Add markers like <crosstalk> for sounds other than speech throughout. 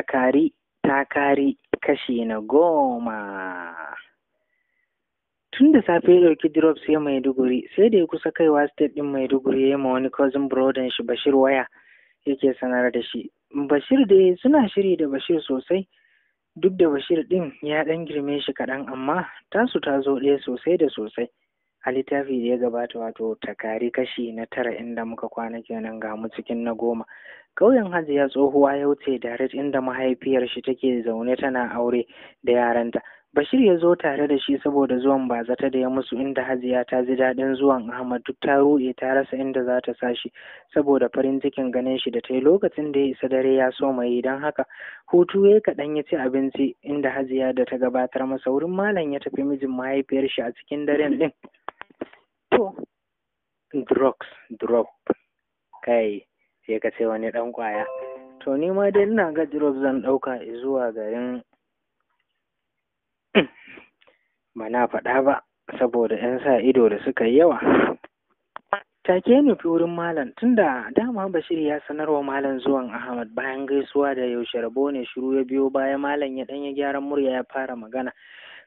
Kari ta kari kashi na goma tun da safe ya ɗauki drop sai maiduguri sai da ya kusa kaiwa state ɗin maiduguri ya yi ma wani cousin brodan shi bashir waya yake sanar da shi bashir dai suna shiri da bashir sosai duk da bashir ɗin ya ɗan girme shi kaɗan amma tasu ta zo ɗaya sosai da sosai a littafi da ya gabata wato takari kashi na tara inda muka kwana kenan ga mu cikin na goma ƙauyen hajiya tsohuwa ya wuce direct inda mahaifiyar shi take zaune tana aure da yaranta Bashir ya zo tare da shi saboda zuwan bazata da ya musu inda Hajiya ta ji daɗin zuwan Ahmad duk ta ruɗe ta rasa inda za ta sa shi saboda farin cikin ganin shi da ta yi lokacin da ya isa dare ya so mai don haka hutu ya yi kaɗan ya ci abinci inda Hajiya da ta gabatar masa wurin malam ya tafi mijin mahaifiyar shi a cikin daren ɗin. To, drugs, drug, kai, sai ka ce wani ɗan ƙwaya. To, ni ma dai ina ga drugs zan ɗauka zuwa garin ba na faɗa ba saboda 'yan sa ido da suka yi yawa take fi wurin malam tunda dama bashir ya sanar wa malam zuwan ahmad bayan gaisuwa da yaushe rabo ne shiru ya biyo baya malam ya ɗanya gyaran murya ya fara magana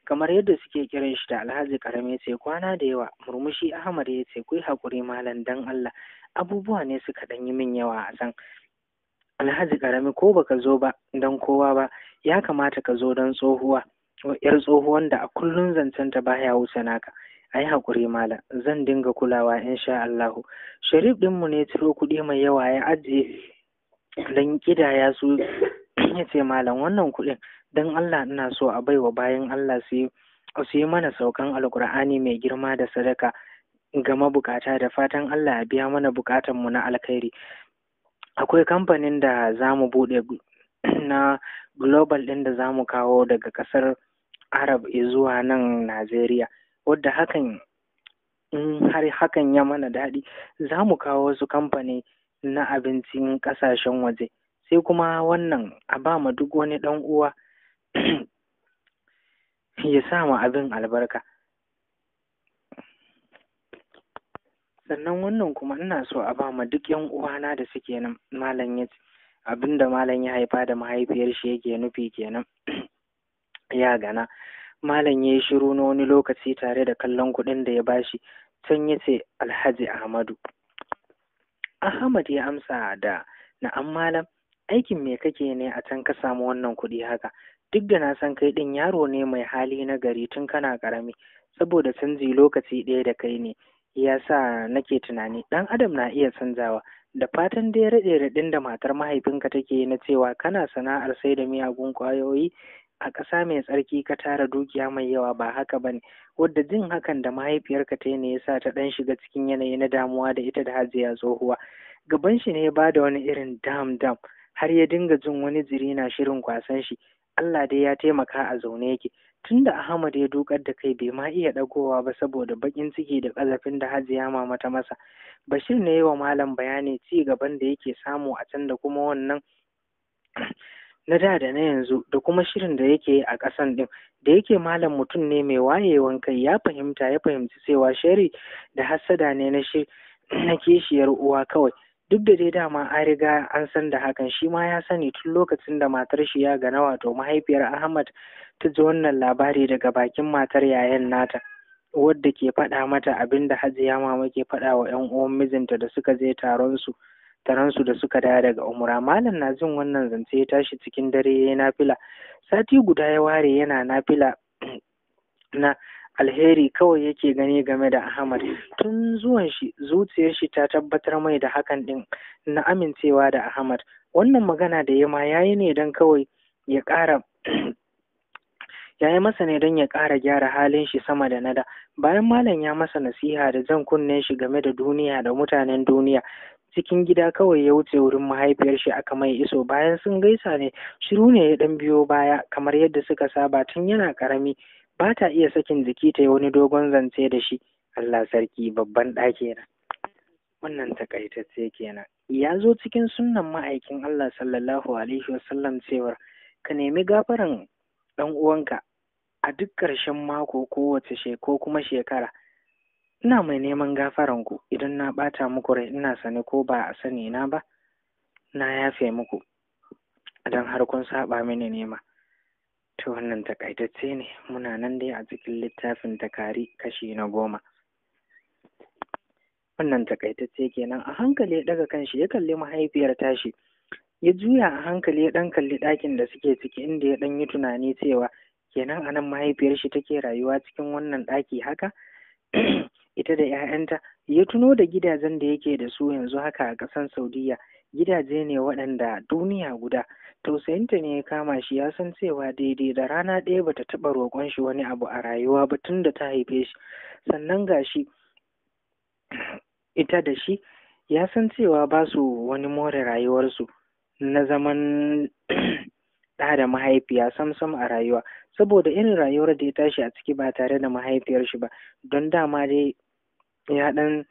kamar yadda suke kiran shi da alhaji karami ce kwana da yawa murmushi ahmad ya ce kuyi haƙuri malam dan allah abubuwa ne suka ɗan yi min yawa a san alhaji karami ko baka zo ba dan kowa ba ya kamata ka zo dan tsohuwa 'yar tsohuwan da a kullum ta baya wuce naka a yi haƙuri malam zan dinga kulawa insha Allahu sharif ɗinmu ne ciro kuɗi mai yawa ya ajiye don ƙidaya su ya ce malam wannan kuɗin don Allah ina so a baiwa bayan Allah su yi mana saukan alkur'ani mai girma da sadaka ga mabukata da fatan Allah ya biya mana mu na alkhairi akwai kamfanin da za mu buɗe na global ɗin da za mu kawo daga ƙasar Arab zuwa nan Najeriya wadda hakan in har hakan ya mana daɗi za mu kawo wasu kamfani na abincin ƙasashen waje sai kuma wannan a ba ma duk wani ɗan uwa <clears throat> ya sa ma abin albarka sannan wannan kuma ina so a ba ma duk yan uwana da suke nan malam ya abin da malam ya haifa da mahaifiyar shi yake nufi kenan <clears throat> ya gana malam ya yi shiru na wani lokaci tare da kallon kuɗin da ya bashi can ya ce alhaji ahmadu ahmad ya amsa da na'am malam aikin me kake ne a can ka samu wannan kuɗi haka duk da na san kai ɗin yaro ne mai hali na gari tun kana ƙarami saboda canji lokaci ɗaya da kai ne ya sa nake tunani ɗan adam na iya canzawa da fatan dai raɗe raɗin da matar mahaifinka take na cewa kana sana'ar sai da miyagun ƙwayoyi a ƙasa mai tsarki ka tara dukiya mai yawa ba haka ba ne. wadda jin hakan da mahaifiyarka ta yi ne ya sa ta ɗan shiga cikin yanayi na damuwa da ita da hajiya tsohuwa gaban shi ne ya bada wani irin dam dam har ya dinga jin wani jiri na shirin kwasan shi Allah dai ya taimaka a zaune yake tunda Ahmad ya dukar da kai bai ma iya dagowa ba saboda bakin ciki da ƙazafin da Hajiya mama ta masa Bashir ne yi wa malam bayani ci gaban da yake samu a can da kuma wannan na da da na yanzu da kuma shirin da yake a ƙasan ɗin da yake malam mutum ne mai wayewan kai ya fahimta ya fahimci cewa shari da hassada ne na shi na kishiyar uwa kawai duk da dai dama an riga an san da hakan shi ma ya sani tun lokacin da matar shi ya gana wato mahaifiyar ahmad ta ji wannan labari daga bakin matar yayan nata wadda ke faɗa mata abinda hajiya mama ke faɗa wa 'yan uwan mijinta da suka je taron su taransu da suka dawo daga umura, malam na jin wannan zance ya tashi cikin dare ya yi nafila sati guda ya ware yana nafila <clears throat> na alheri kawai yake gani game da Ahmad tun zuwan shi zuciyar shi ta tabbatar mai da hakan din na amincewa da Ahmad wannan magana da yama yayi ne don kawai ya ƙara <clears throat> yayi masa ne don ya ƙara gyara halin shi sama da nada bayan malam ya masa nasiha da zan kunne shi game da duniya da mutanen duniya cikin gida kawai ya wuce wurin mahaifiyar shi aka mai iso bayan sun gaisa ne shiru ne ya dan biyo baya kamar yadda suka saba tun yana karami ba ta iya sakin jiki ta yi wani dogon zance da shi Allah sarki babban ɗaki na wannan takaitacce kenan ya zo cikin sunnan ma'aikin Allah sallallahu alaihi wasallam cewar ka nemi gafaran ɗan uwanka a duk ƙarshen mako kowace ko kuma shekara ina mai neman ku idan na ɓata muku rai ina sane ko ba a sani na ba na yafe muku don har kun saɓa mini nema to wannan takaitacce ne muna nan dai a cikin littafin takari kashi na goma wannan takaitacce kenan a hankali ya daga kanshi ya kalli mahaifiyar tashi ya juya a hankali ya ɗan kalli ɗakin da suke ciki inda ya ɗan yi tunani cewa kenan anan mahaifiyar shi take rayuwa cikin wannan ɗaki haka ita da 'ya'yanta ya tuno da gidajen da yake da su yanzu haka a ƙasar Saudiyya, gidaje ne waɗanda duniya guda tausayinta ne ya kama shi ya san cewa daidai da rana ɗaya bata taɓa roƙon shi wani abu a rayuwa ba tun da ta haife shi sannan ga shi ita da shi ya san cewa ba su wani more rayuwarsu na zaman <clears throat> ɗa da mahaifiya samsam a rayuwa saboda irin rayuwar da ya tashi a ciki ba tare da mahaifiyar shi ba don dama dai ya ɗan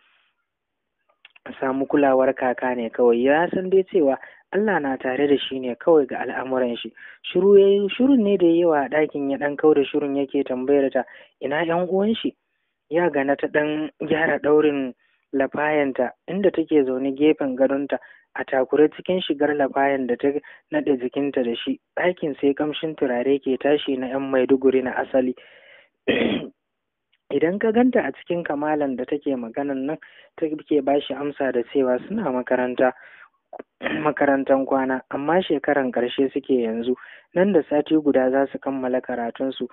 samu kulawar kaka ne kawai ya san dai cewa Allah na tare da shi ne kawai ga al'amuran shi shiru yayi shirun ne da yawa a ɗakin ya ɗan da shirun yake tambayar ta ina yan uwan shi ya gana ta ɗan gyara ɗaurin lafayanta inda take zaune gefen gadonta a takure cikin shigar lafayan da ta naɗe jikinta da shi ɗakin sai kamshin turare ke tashi na yan maiduguri na asali idan ka ganta a cikin kamalan da take maganan nan take ba shi amsa da cewa suna makaranta makarantan kwana amma shekaran karshe suke yanzu nan da sati guda za su kammala karatunsu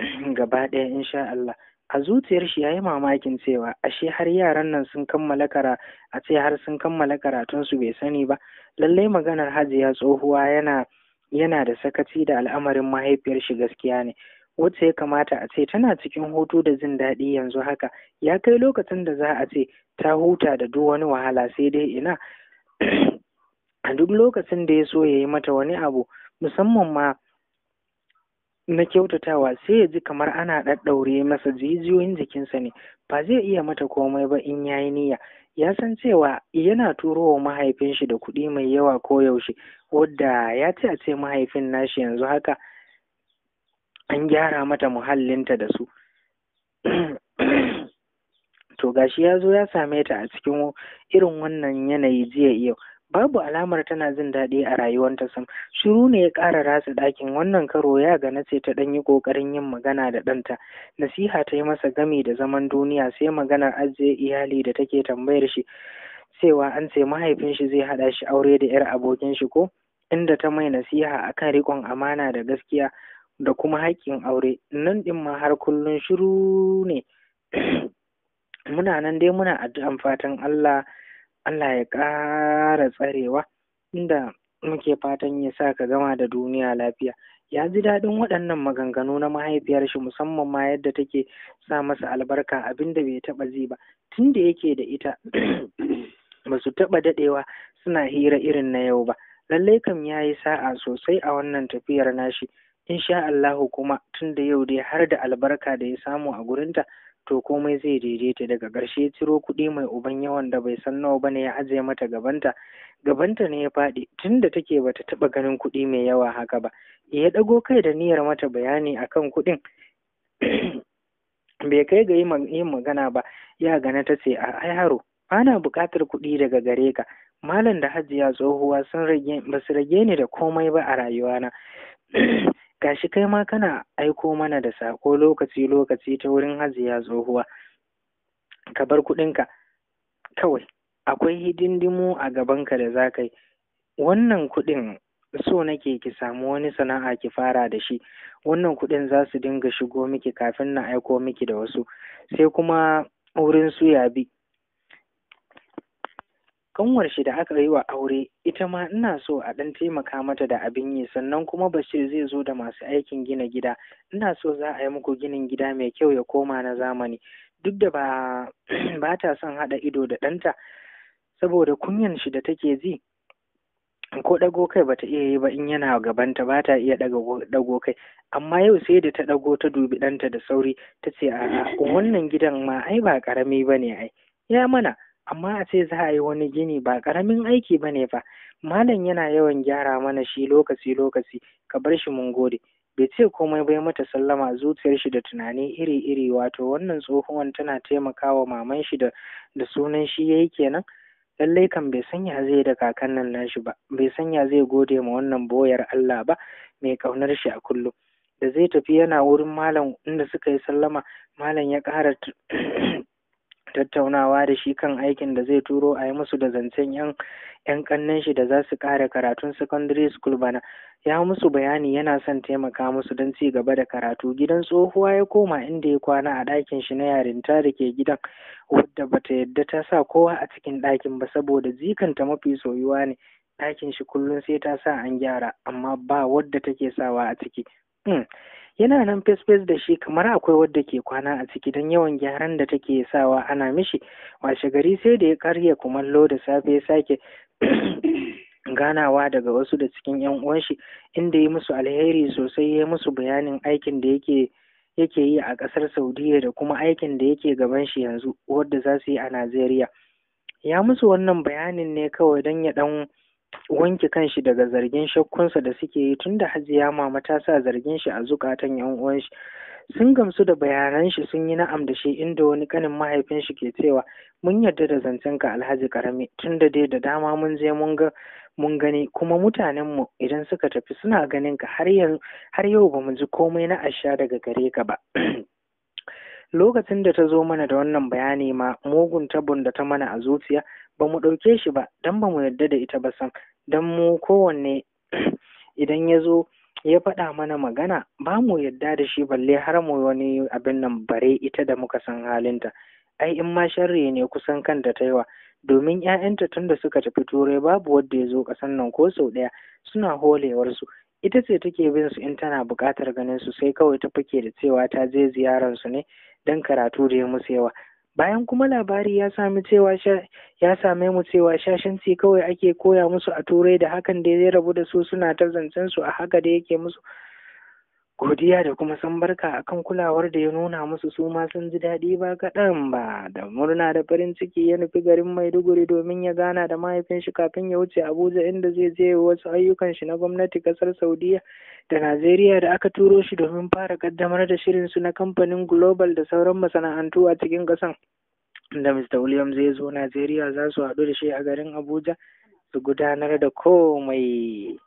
<clears throat> gaba ɗaya insha Allah a zuciyar shi yayi mamakin cewa ashe har yaran nan sun kammala kara a ce har sun kammala karatunsu bai sani ba lallai maganar hajiya tsohuwa yana yana da sakaci da al'amarin mahaifiyar shi gaskiya ne wacce ya kamata a ce tana cikin hutu da jin daɗi yanzu haka ya kai lokacin da za a ce ta huta da duk wani wahala sai dai ina a duk lokacin da ya so ya yi mata wani abu musamman ma na kyautatawa sai ya ji kamar ana ɗaɗɗaure masa jijiyoyin jikinsa ne ba zai iya mata komai ba in ya yi niyya ya san cewa yana turo wa mahaifin shi da kuɗi mai yawa koyaushe wadda ya ce a ce mahaifin nashi yanzu haka an gyara mata muhallinta da su <clears throat> to gashi ya zo ya same ta a cikin irin wannan yanayi jiya yau babu alamar tana jin daɗi a rayuwanta sam shiru ne ya ƙara ratsa ɗakin wannan karo ya gana ce ta ɗan yi ƙoƙarin yin magana da ɗanta nasiha ta yi masa gami da zaman duniya sai maganar ajiye iyali da take tambayar shi cewa an ce mahaifin shi zai haɗa shi aure da 'yar abokin shi ko inda ta mai nasiha akan riƙon amana da gaskiya da kuma haƙƙin aure nan ɗin ma har kullum shiru ne <clears throat> muna nan dai muna addu'an fatan Allah Allah ya ƙara tsarewa inda muke fatan ya sa ka gama da duniya lafiya ya ji daɗin waɗannan maganganu na mahaifiyar shi musamman ma yadda take sa masa albarka abinda bai taɓa ji ba tun da yake da ita <clears throat> ba su taɓa daɗewa suna hira irin na yau ba lallai kam ya yi sa'a sosai a wannan tafiyar nashi insha Allahu kuma tunda yau dai har da albarka da ya samu a gurinta to komai zai daidaita daga ƙarshe ciro kuɗi mai uban yawan da bai san nawa ba bane ya ajiye mata gabanta gabanta ne ya faɗi tun da take bata taɓa ganin kuɗi mai yawa haka ba ya ɗago kai da niyyar mata bayani akan kuɗin <clears throat> bai kai ga yin magana ba ya gana ta ce a yaro ana buƙatar kuɗi daga gare ka malam da hajiya tsohuwa sun rage ba su rage ni da komai ba a rayuwana <clears throat> gashi kai ma kana aiko mana da sako lokaci lokaci ta wurin hajiya tsohuwa ka bar kuɗinka kawai akwai hidindimu a gabanka da za ka yi wannan kuɗin so nake ki samu wani sana'a ki fara da shi wannan kuɗin za su dinga shigo miki kafin na aiko miki da wasu sai kuma wurin su bi. kanwar shi da aka yi wa aure ita ma ina so a ɗan taimaka mata da abin yi sannan kuma Bashir zai zo da masu aikin gina gida ina so za a yi muku ginin gida mai kyau ya koma na zamani duk da ba <clears throat> ba ta son haɗa ido da ɗanta saboda kunyan shi da take ji ko ɗago kai bata iya yi ba in yana gabanta ba ta iya ɗago kai amma yau sai da ta ɗago ta dubi ɗanta da sauri ta ce a wannan gidan ma ai ba ƙarami ba ne ai ya mana amma a ce za a yi wani gini ba ƙaramin aiki ba ne fa malam yana yawan gyara mana shi lokaci lokaci ka bar shi mun gode bai ce komai bai mata sallama zuciyar shi da tunani iri iri wato wannan tsohuwan tana taimakawa maman shi da da sunan shi yayi kenan lallai kan bai sanya zai da kakan nan nashi ba bai sanya zai gode ma wannan boyar Allah ba mai kaunar shi a kullum da zai tafi yana wurin malam inda suka yi sallama malam ya ƙara tattaunawa da shi kan aikin da zai turo a yi musu da zancen yan yan kannen shi da za su kare karatun secondary school bana ya musu bayani yana son taimaka musu don ci gaba da karatu gidan tsohuwa ya koma inda ya kwana a ɗakin shi na yarinta da ke gidan wadda bata yadda ta sa kowa a cikin ɗakin ba saboda jikanta mafi soyuwa ne ɗakin shi kullum sai ta sa an gyara amma ba wadda take sawa a ciki Hmm. Yana nan fesfes da shi kamar akwai wadda ke kwana a ciki don yawan gyaran da take sawa ana mishi washe gari sai da ya karya kumallo da safe ya sake <coughs> ganawa daga wasu da cikin yan uwanshi, inda ya musu alheri sosai ya musu bayanin aikin da yake yake yi a ƙasar Saudiya da kuma aikin da yake gaban shi yanzu wadda za su yi a Najeriya. Ya musu wannan bayanin ne kawai don ya ɗan wanke kanshi daga zargin shakkunsa da suke yi tunda hajiya mama ta sa zargin shi a zukatan yan uwan shi sun gamsu da bayanan shi sun yi na'am da shi inda wani kanin mahaifin shi ke cewa mun yarda da zancen ka alhaji karami da dai da dama mun je mun ga mun gani kuma mutanen mu idan suka tafi suna ganin ka har yau har yau bamu ji komai na asha daga gare ka ba <clears throat> lokacin da ta zo mana da wannan bayani ma mugun tabon da ta mana a zuciya ba mu ɗauke shi ba don ba mu yarda da ita ba san don mu kowanne <clears throat> idan ya zo ya faɗa mana magana ba mu yarda da shi balle har mu wani abin nan bare ita da muka san halinta ai in ma sharri ne kusan kanta ta yawa domin 'ya'yanta tun da suka tafi turai babu wanda ya zo ƙasan nan ko sau ɗaya suna holewarsu ita ce take bin su in tana buƙatar ganin su sai kawai ta fake da cewa ta je ziyarar su ne don karatu da ya musu yawa bayan kuma labari ya sami cewa ya same mu cewa shashanci kawai ake koya musu a turai da hakan da ya rabu da su suna ta zancen su a haka da yake musu godiya da kuma san barka akan kulawar da ya nuna musu su ma sun ji daɗi ba kaɗan ba da murna da farin ciki ya nufi garin maiduguri domin ya gana da mahaifin shi kafin ya wuce abuja inda zai je wasu ayyukan shi na gwamnati ƙasar saudiya da najeriya da aka turo shi domin fara ƙaddamar da shirin su na kamfanin global da sauran masana'antu a cikin ƙasan da mr william zai zo najeriya za su haɗu da shi a garin abuja su gudanar da komai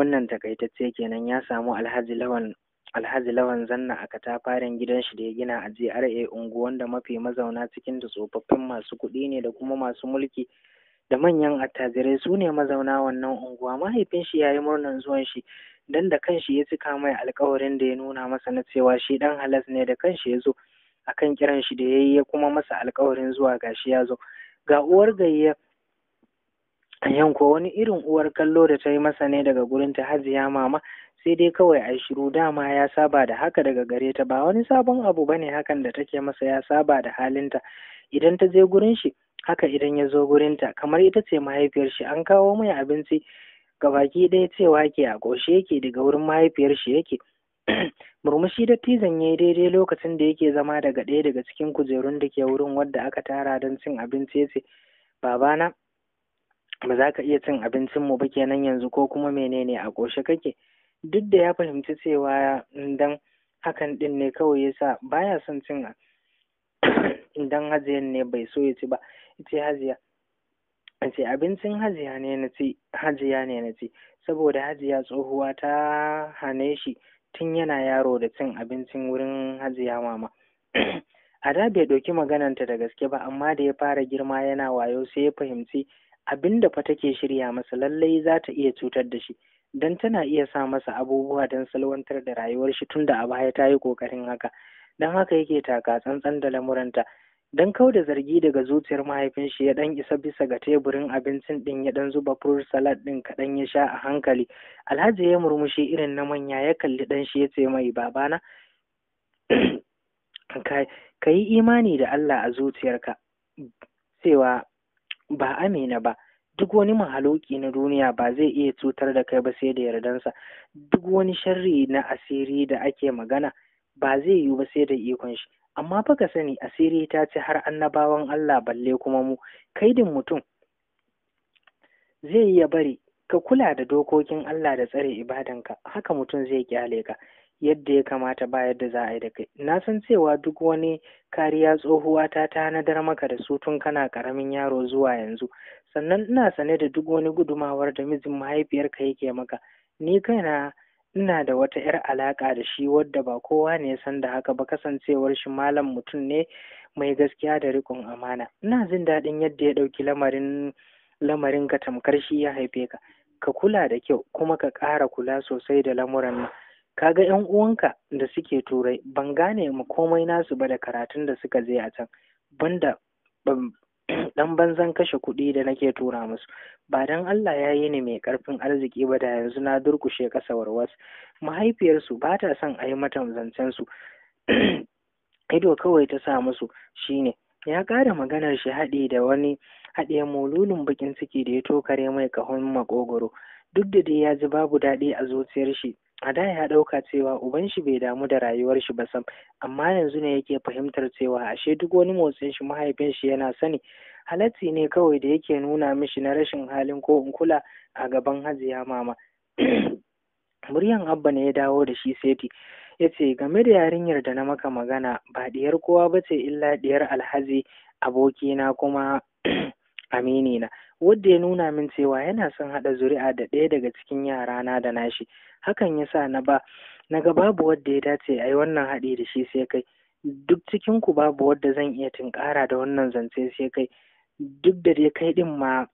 Wannan takaitacce kenan ya samu Alhaji Lawan Alhaji Lawan Zanna a katafaren gidan shi da ya gina a GRA Ungu wanda mafi mazauna cikin da tsofaffin masu kuɗi ne da kuma masu mulki da manyan attajirai su ne mazauna wannan unguwa mahaifin shi ya yi murnan zuwan shi dan da kanshi ya cika mai alkawarin da ya nuna masa na cewa shi ɗan halas ne da kanshi ya zo akan kiran shi da ya yi ya kuma masa alkawarin zuwa gashi ya zo ga uwar gayya Yanko wani irin uwar kallo da ta yi masa ne daga gurinta Hajiya Mama sai dai kawai a shiru dama ya saba da haka daga gare ta ba wani sabon abu bane hakan da take masa ya saba da halinta idan ta je gurin shi haka idan ya zo gurinta kamar ita ce mahaifiyar shi an kawo mai abinci ga baki ɗaya cewa ke a goshe yake daga wurin mahaifiyar shi yake <clears throat> murmushi dattijan ya yi daidai lokacin da yake zama daga ɗaya daga cikin kujerun da ke wurin wadda aka tara don cin abinci ya ce babana ba za ka iya cin abincin mu ba kenan yanzu ko kuma menene a ƙoshe kake duk da ya fahimci cewa dan hakan din ne kawai yasa baya son cin <coughs> dan hajiyan ne bai so ya ci ba ce hajiya ce abincin hajiya ne na ci hajiya ne na ci saboda hajiya tsohuwa ta hane shi tun yana yaro da cin abincin wurin hajiya mama <coughs> a da bai ɗauki magananta da gaske ba amma da ya fara girma yana wayo sai ya fahimci abin da fa take shirya masa lallai za ta iya cutar da shi don tana iya sa masa abubuwa don salwantar da rayuwar shi tunda a baya ta yi ƙoƙarin haka don haka yake taka tsantsan da lamuranta don kau da zargi daga zuciyar mahaifin shi ya dan isa bisa ga teburin abincin din ya dan zuba fruit salad din kaɗan ya sha a hankali alhaji ya murmushi irin na manya ya kalli dan shi ya ce mai babana <clears throat> ka yi imani da Allah a zuciyarka cewa ba amina ba duk wani mahaloki na duniya ba zai iya cutar da kai ba sai da yardansa duk wani sharri na asiri da ake magana ba zai yi ba sai da ikon shi amma baka sani asiri ta ce har annabawan Allah balle kuma mu kaidin mutum zai iya bari ka kula da dokokin Allah da tsare ibadanka haka mutum zai kyale ka yadda ya kamata ba yadda za a yi da kai na san cewa duk wani kariya tsohuwa ta tanadar maka da su tun kana karamin yaro zuwa yanzu sannan ina sane da duk wani gudumawar da mijin mahaifiyarka yake maka ni kaina ina da wata 'yar alaƙa da shi wadda ba kowa ne san da haka ba kasancewar shi malam mutum ne mai gaskiya da riƙon amana ina jin daɗin yadda ya ɗauki lamarin lamarin ka tamkar shi ya haife ka ka kula da kyau kuma ka ƙara kula sosai da lamuran nan kaga yan uwanka da suke turai ban gane mu komai nasu ba da karatun da suka je a can banda dan <clears throat> banzan kashe kuɗi da nake tura musu ba dan Allah ya yi ni mai karfin arziki ba da yanzu na durkushe kasa warwas mahaifiyarsu ba ta son a yi mata zancen su <clears throat> ido kawai ta sa musu shine ya ƙara maganar shi haɗe da wani haɗe mululun bakin ciki da ya tokare mai kahon makogoro duk da dai ya ji babu daɗi a zuciyar shi a da ya ɗauka cewa uban shi bai damu da rayuwar shi ba sam amma yanzu ne yake fahimtar cewa ashe duk wani motsin shi mahaifin shi yana sani halatti ne kawai da yake nuna mishi na rashin halin ko in kula a gaban hajiya mama <clears throat> muryan abba ne ya dawo da shi seti ya ce game da yarinyar da na maka magana ba ɗiyar kowa ba ce illa ɗiyar alhazi, abokina kuma aminina wadda ya nuna min cewa yana son haɗa zuri'a da ɗaya daga cikin yarana da nashi hakan ya sa na ba na ga babu wadda ya dace a yi wannan haɗi da shi sai kai duk cikin ku babu wadda zan iya tunƙara da wannan zance sai kai duk da dai kai ɗin ma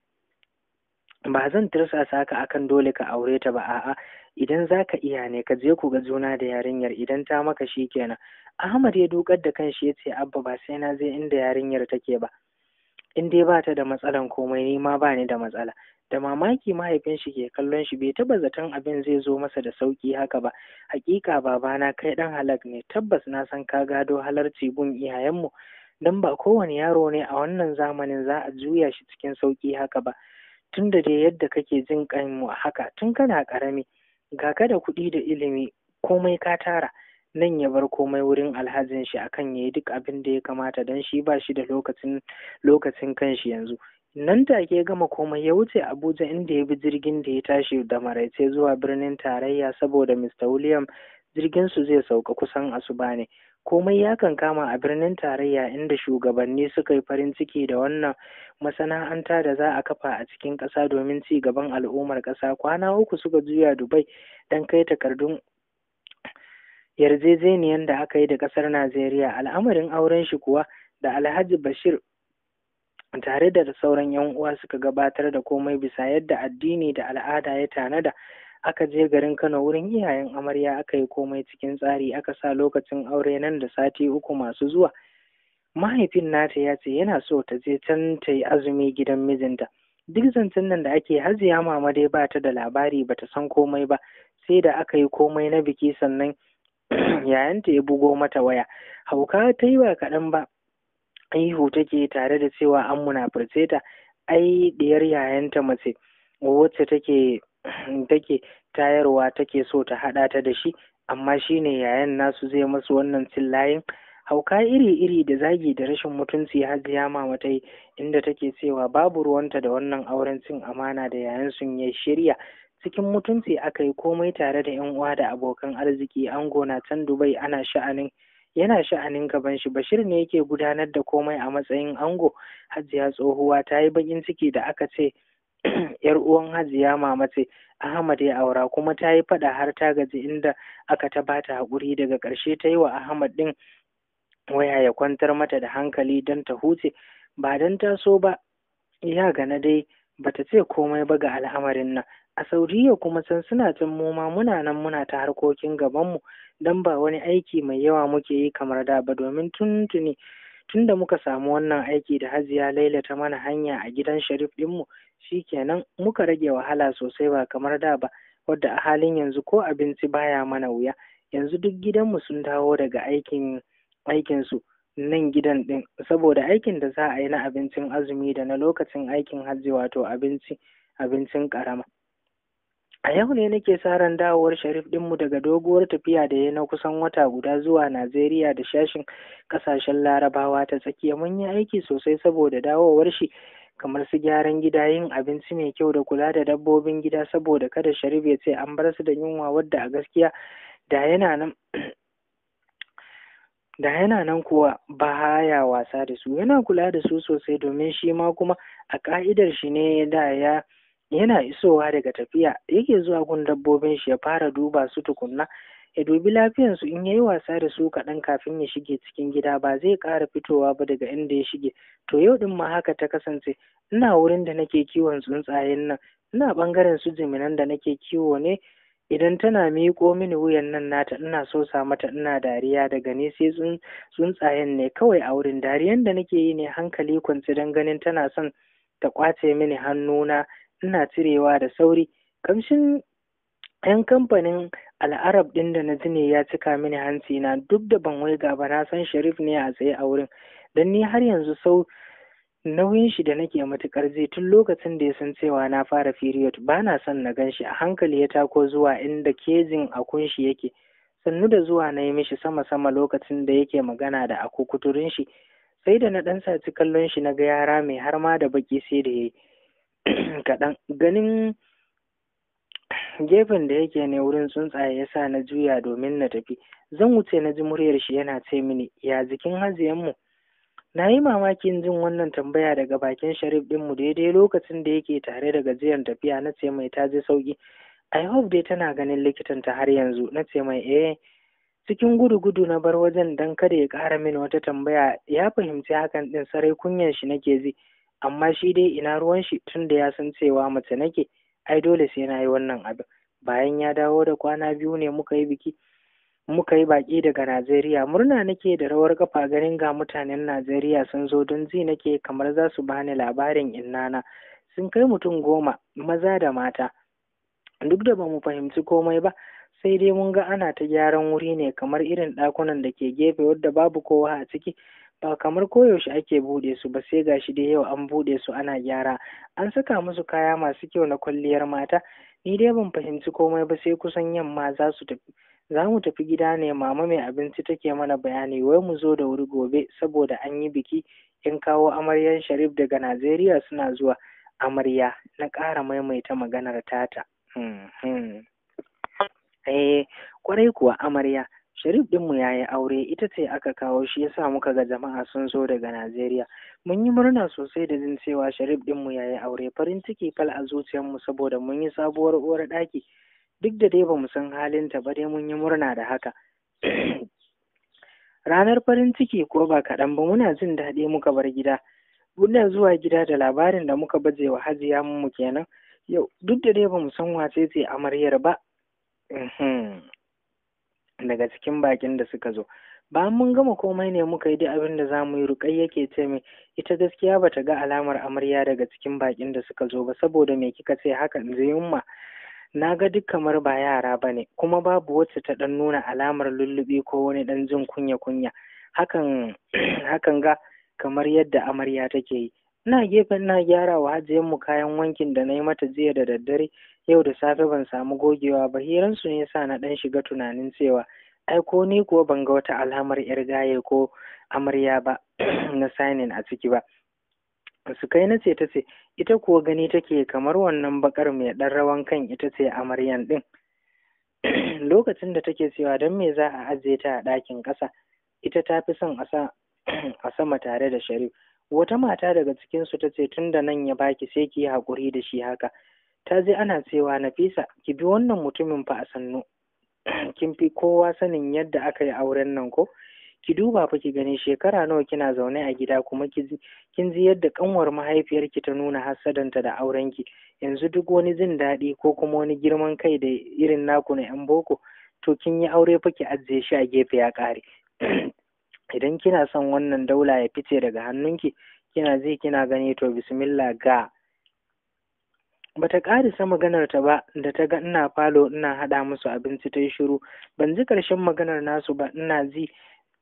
ba zan tirsasa ka akan dole ka aure ta ba a'a idan za ka iya ne ka je ku ga juna da yarinyar idan ta maka shi kenan ahmad ya dukar da kanshi ya ce abba ba sai na je inda yarinyar take ba in dai bata da matsalan komai ni ma ba da matsala da mamaki mahaifin shi ke kallon shi bai taba zaton abin zai zo masa da sauki haka ba hakika babana kai dan halak ne tabbas na san ka gado halarci gun mu dan ba kowane yaro ne a wannan zamanin za a juya shi cikin sauki haka ba Tunda da dai yadda kake jin mu haka tun kana karami ga ka da kuɗi da ilimi komai ka tara nan ya bar komai wurin alhajin shi akan yayi duk abin da ya kamata dan shi ba shi da lokacin lokacin kanshi yanzu nan take ya gama komai ya wuce abuja inda ya bi jirgin da ya tashi da maraice zuwa birnin tarayya saboda mr william jirgin su zai sauka kusan asuba ne komai ya kankama a birnin tarayya inda shugabanni suka yi farin ciki da wannan masana'anta da za a kafa a cikin ƙasa domin ci gaban al'ummar ƙasa kwana uku suka juya dubai don kai takardun Yarjejeniyar da aka yi da ƙasar Najeriya al'amarin auren shi kuwa da Alhaji Bashir tare da sauran 'yan uwa suka gabatar da komai bisa yadda addini da al'ada ya tanada aka je garin Kano wurin iyayen amarya aka yi komai cikin tsari aka sa lokacin aure nan da sati uku masu zuwa mahaifin nata ya ce yana so ta je can ta yi azumi gidan mijinta duk zancen nan da ake hajiya, mama dai ba ta da labari ba ta san komai ba sai da aka yi komai na biki sannan <clears throat> ta ya bugo mata waya hauka ta yi ba kaɗan ba ihu take tare da cewa an munafurce ta ai diyar yayanta mace wacce take <clears throat> take tayarwa take so ta haɗa ta da shi amma shine yayan nasu zai masu wannan cin layin hauka iri-iri da zagi da rashin mutunci har ya mamata inda take cewa babu ruwanta da wannan auren cin amana da yayan sun ya shirya Cikin mutunci aka yi komai tare da ‘yan uwa da abokan arziki ango na can Dubai ana sha'anin yana sha'anin gaban shi Bashir ne yake gudanar da komai a matsayin ango Hajiya tsohuwa ta yi bakin ciki da aka ce ‘yar <clears throat> uwan Hajiya mama ce Ahmad ya aura kuma ta yi faɗa har ta gaji inda aka ta bata hakuri daga ƙarshe ta yi wa Ahmad ɗin waya ya kwantar mata da hankali don ta huce ba don ta so ba ya gana dai bata ce komai ba ga al'amarin nan a saudiya kuma san suna can mu ma muna nan muna ta harkokin gaban mu dan ba wani aiki mai yawa muke yi kamar da ba domin tuntuni tun da muka samu wannan aiki da hajiya laila ta mana hanya a gidan sharif ɗinmu kenan muka rage wahala sosai ba kamar da ba wadda a halin yanzu ko abinci baya mana wuya yanzu duk gidan mu sun dawo daga aikin su nan gidan ɗin saboda aikin da za a yi na abincin azumi da na lokacin aikin hajji wato abinci abincin ƙarama. A yau ne nake sa ran dawowar Sharif ɗinmu daga doguwar tafiya da ya na kusan wata guda zuwa Najeriya da shashin ƙasashen Larabawa ta tsakiya mun yi aiki sosai saboda dawowar shi kamar su gyaran gida yin abinci mai kyau da kula da dabbobin gida saboda kada Sharif ya ce an bar su da yunwa wadda a gaskiya da yana nan da yana nan kuwa ba ya wasa da su yana kula da su sosai domin shi ma kuma a ka'idar shi ne da ya yana isowa daga tafiya yake zuwa gun dabbobin shi ya fara duba su tukunna ya dubi lafiyansu in yayi wasa da su kaɗan kafin ya shige cikin gida ba zai ƙara fitowa ba daga inda ya shige to yau ɗin ma haka ta kasance ina wurin da nake kiwon tsuntsayen nan ina ɓangaren su jiminan da nake kiwo ne idan tana miƙo mini wuyan nan nata ina so sa mata ina dariya daga ni sai tsuntsayen ne kawai a wurin dariyan da nake yi ne hankali kwance don ganin tana son ta kwace mini hannuna ina cirewa da sauri kamshin yan kamfanin al'arab ɗin da na ji ne ya cika mini hanci na duk da ban wai ba na san sharif ne a tsaye a wurin don ni har yanzu sau nauyin shi da nake matukar ji tun lokacin da ya san cewa na fara period ba na son na gan shi a hankali ya tako zuwa inda kejin a kunshi yake sannu da zuwa na yi mishi sama sama lokacin da yake magana da a kukuturin shi sai da na dan saci kallon shi na ga yara mai har ma da baki sai da yayi <clears throat> kaɗan ganin gefen da yake ne wurin tsuntsaye ya sa na juya domin na tafi zan wuce na ji muryar shi yana ce mini ya jikin hajiyan mu Na yi mamakin jin wannan tambaya daga bakin Sharif ɗinmu daidai lokacin da yake tare da gajiyar tafiya na ce mai ta ji sauƙi. I hope dai tana ganin likitanta har yanzu na ce mai eh cikin gudu-gudu na bar wajen dan kada ya ƙara mini wata tambaya ya fahimci hakan ɗin sarai kunyan shi nake ji amma shi dai ina ruwan shi tun da ya san cewa mace nake ai dole sai na yi wannan abin bayan ya dawo da kwana biyu ne muka yi biki muka yi baƙi daga Najeriya murna nake da rawar kafa ganin ga mutanen Najeriya sun zo don ji nake kamar za su bani labarin innana sun kai mutum goma maza da mata duk da bamu fahimci komai ba sai dai mun ga ana ta gyaran wuri ne kamar irin ɗakunan da ke gefe wadda babu kowa a ciki ba kamar koyaushe ake buɗe su ba sai gashi dai yau an buɗe su ana gyara an saka musu kaya masu kyau na kwalliyar mata ni dai ban fahimci komai ba sai kusan yamma za su tafi za mu tafi gida ne mama mai abinci take mana bayani wai mu zo da wuri gobe saboda an yi biki in kawo amaryan sharif daga najeriya suna zuwa amarya na ƙara maimaita maganar tata hmm, hmm. eh kwarai kuwa amarya sharif ɗinmu ya yi aure ita ce aka kawo shi yasa muka ga jama'a sun zo daga najeriya mun yi murna sosai da jin cewa sharif ɗinmu ya yi aure farin ciki fal a zuciyarmu saboda mun yi sabuwar uwar ɗaki duk da dai ba mu san halinta ba dai mun yi murna da haka <clears throat> ranar farin ciki ko ba kaɗan ba muna jin daɗi muka bar gida muna zuwa gida da labarin da muka baje wa hajiya mu kenan yau duk da dai ba mu san wace ce amaryar ba daga cikin bakin da suka zo bayan mun gama komai ne muka yi duk abin da za mu yi rukai yake ce mai ita gaskiya ba ta ga alamar amarya daga cikin bakin da suka zo ba saboda me kika ce haka zai yi na ga duk kamar ba yara ba ne kuma babu wacce ta ɗan nuna alamar lullubi ko wani ɗan jin kunya-kunya hakan <clears throat> hakan ga kamar yadda amarya take yi Na gefen na gyara wa mu kayan wankin da na yi mata jiya da daddare yau da safe ban samu gogewa ba hirar su ne sa na ɗan shiga tunanin cewa ai ko ni kuwa ban ga wata alamar yar gaye ko amarya ba <clears throat> na signing a ciki ba na ce ta ce, ita kuwa gani take kamar wannan bakar mai ɗan rawan kan ita ce amaryan ɗin. <clears throat> Lokacin da take cewa don me za a ajiye ta a ɗakin ƙasa, ita ta fi son a <clears throat> sama tare da Sharif. Wata mata daga cikinsu ta ce tun da nan ya baki sai ki hakuri haƙuri da shi haka. Ta je ana cewa Nafisa, ki bi wannan mutumin fa a sannu. <clears throat> Kin fi kowa sanin yadda aka yi auren nan ko? ki duba fa ki gani shekara nawa kina zaune a gida kuma kin ji yadda kanwar mahaifiyarki ta nuna hassadanta da aurenki yanzu duk wani jin daɗi ko kuma wani girman kai da irin naku na yan boko to kin yi aure fa ki ajiye shi a gefe ya ƙare <clears throat> idan kina son wannan daula ya fice daga hannunki kina ji kina gani to bismillah ga bata ƙarisa maganar ta ba da ta ga ina falo ina haɗa musu abinci ta yi shiru ban ji ƙarshen maganar nasu ba ina ji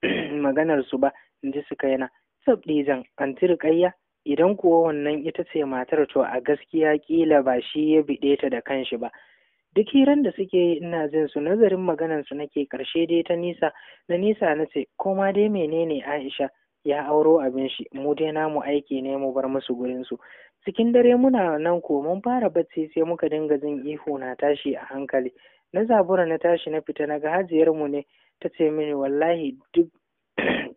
<clears throat> maganar su ba in ji su yana sab zan anti riƙayya idan kuwa wannan ita ce matar to a gaskiya kila ba shi ya biɗe ta da kanshi ba duk hiran da suke yi ina jin su nazarin maganar su nake karshe dai ta nisa na nisa na ce koma dai menene Aisha ya auro abin shi mu dai namu aiki ne mu bar musu gurin su cikin dare muna nan ko mun fara bacci sai muka dinga jin ihu na tashi a hankali na zabura na tashi na fita na ga hajiyar mu ne ta ce mini wallahi duk <clears throat>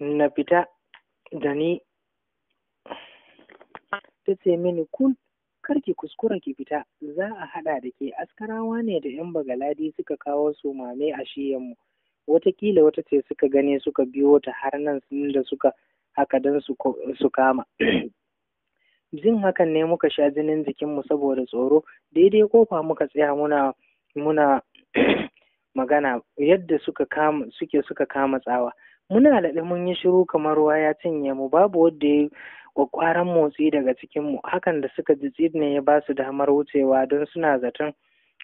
na fita da ni ta ce mini kun karki kuskura ki fita za a haɗa da ke askarawa ne da yan bagaladi suka kawo su mame a shiyanmu watakila wata ce suka gane suka biyo ta har nan sun da suka haka don su kama <clears throat> jin hakan ne muka sha jinin jikinmu saboda tsoro daidai kofa muka tsaya muna muna <clears throat> magana yadda suka kama suke suka kama tsawa muna laɗe mun yi shiru kamar ruwa ya cinye mu babu wanda ya kwakwaran motsi daga cikin mu hakan da suka ji tsid ne ya ba su damar wucewa don suna zaton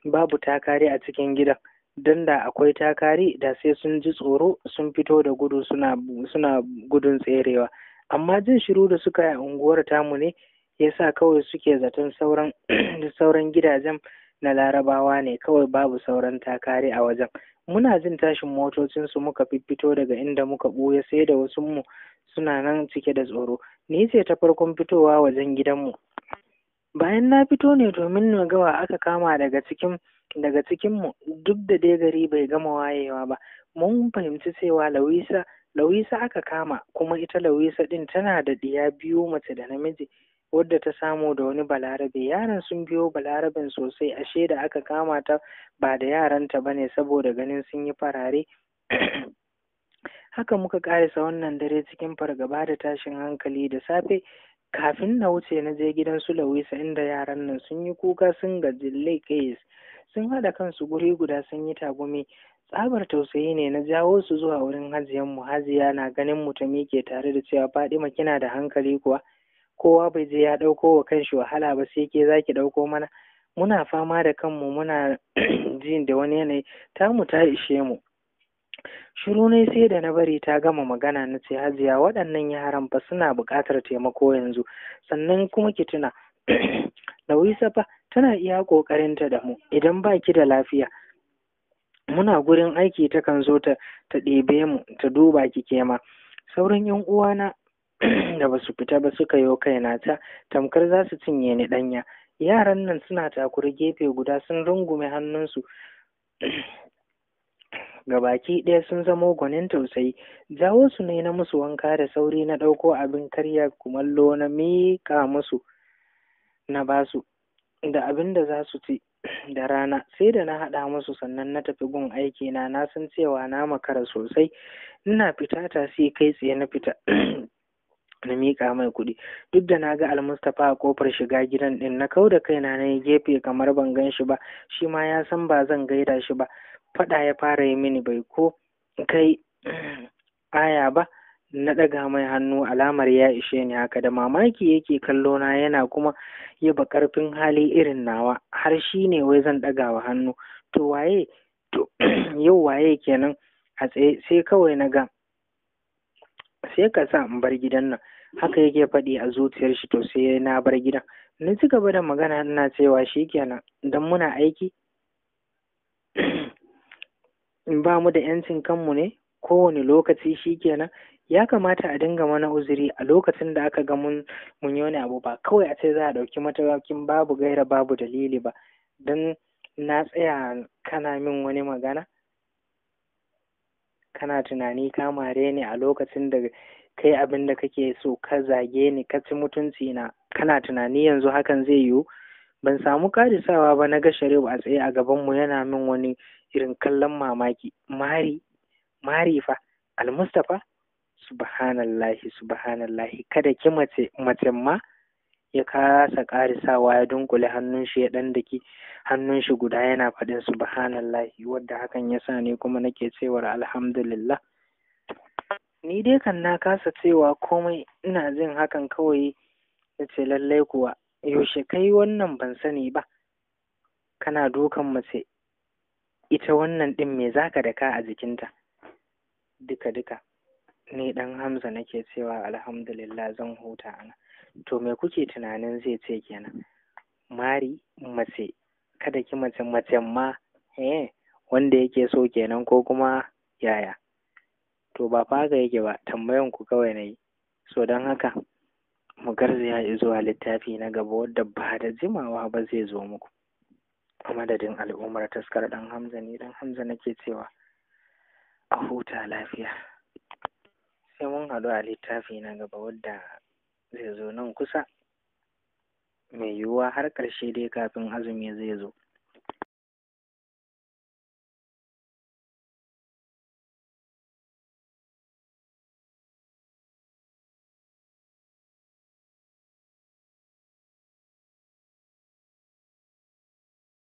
babu takari a cikin gidan don da akwai takari da sai sun ji tsoro sun fito da gudu suna suna gudun tserewa amma jin shiru da suka yi a unguwar tamu ne yasa kawai suke zaton sauran <clears throat> sauran gidajen na larabawa ne kawai babu sauran takare a wajen muna jin tashin motocinsu muka fito daga inda muka ɓuya sai da mu suna nan cike da tsoro ni ce ta farkon fitowa wajen gidanmu bayan na fito ne domin na gawa aka kama daga cikin daga cikinmu duk da dai gari bai gama wayewa ba mun fahimci cewa lawisa lawisa aka kama kuma ita lawisa din tana da ɗiya biyu mace da namiji wadda ta samu da wani balarabe yaran sun biyo balaraben sosai ashe da aka kama ta ba da yaranta ba ne saboda ganin sun yi farare <clears throat> haka muka karisa wannan dare cikin fargaba da tashin hankali da safe kafin na wuce na je gidan su lawisa inda yaran nan sun yi kuka sun gaji laikais sun haɗa kansu guri guda sun yi tagumi tsabar tausayi ne na jawo su zuwa wurin hajiyan mu hajiya na ganin mutumi ke tare da cewa fadima kina da hankali kuwa kowa bai je ya ɗauko wa kanshi wahala ba sai ke za ki ɗauko mana muna fama da kanmu muna <clears throat> jin da wani yanayi tamu ta ishe mu shiru ne sai da na bari ta gama magana na ce hajiya waɗannan yaran ba suna buƙatar taimako yanzu sannan kuma ki tuna Lawisa <clears throat> fa tana iya ƙoƙarinta da mu idan ba ki da lafiya muna gurin aiki takan zo ta ta ɗebe mu ta duba ki kema sauran yan uwana <clears throat> da ba su fita ba suka yo kaina ta tamkar za su cinye ni ɗanya yaran nan suna takura gefe guda sun rungume hannunsu <clears throat> Ga baki ɗaya sun zamo gwanin tausayi jawo su ne na musu wanka da sauri na ɗauko abin karya kumallo na miƙa musu na basu da abin da za su ci <clears throat> da rana sai da na haɗa musu sannan na tafi gun aiki na na san cewa na makara sosai ina fita ta sai kai tsaye na fita na miƙa mai kuɗi duk da na ga almustapha a kofar shiga gidan ɗin na kau da kaina na yi gefe kamar ban gan shi ba shi ma ya san ba zan gaida shi ba faɗa ya fara yi mini bai ko kai <clears throat> aya ba na ɗaga mai hannu alamar ya ishe ni haka da mamaki yake kallo na yana kuma ba ƙarfin hali irin nawa har shi ne wai zan ɗaga wa hannu to waye to <clears throat> yau waye kenan a tsaye sai kawai na ga sai ka sa in bar gidan nan haka yake faɗi a zuciyar shi to sai na bar gida na ci gaba da magana ina cewa shikenan dan muna aiki <clears throat> ba mu da yancin kanmu ne kowane lokaci shi shikenan ya kamata a dinga mana uzuri a lokacin da aka ga mun mun yi wani abu ba kawai a ce za a ɗauki matakin babu gaira babu dalili ba dan na tsaya kana min wani magana kana tunani ka mare ni a lokacin da kai abin da kake so ka zage ni ka ci mutunci na kana tunani yanzu hakan zai yiwu ban samu karisawa ba na ga Sharif a tsaye a gaban mu yana min wani irin kallon mamaki mari mari fa almustafa subhanallahi subhanallahi kada ki mace mace ma ya kasa karisawa ya dunkule hannun shi ya dan daki hannun shi guda yana faɗin subhanallahi wadda hakan ya sa ne kuma nake cewar alhamdulillah ni dai kan na kasa cewa komai ina jin hakan kawai ya ce lallai kuwa yaushe kai wannan ban sani ba kana dukan mace ita wannan ɗin me zaka da ka a jikinta duka duka ni dan hamza nake cewa alhamdulillah zan huta ana to me kuke tunanin zai ce kenan mari mace kada ki mace mace ma eh wanda yake so kenan ko kuma yaya to ba fa haka yake ba tambayan ku kawai na yi so don haka mu garzaya zuwa littafi na gaba wadda ba da jimawa ba zai zo muku a madadin al'ummar taskar dan hamza ne dan hamza nake cewa a huta lafiya sai mun haɗu a littafi na gaba wadda zai zo nan kusa mai yiwuwa har ƙarshe dai kafin azumi zai zo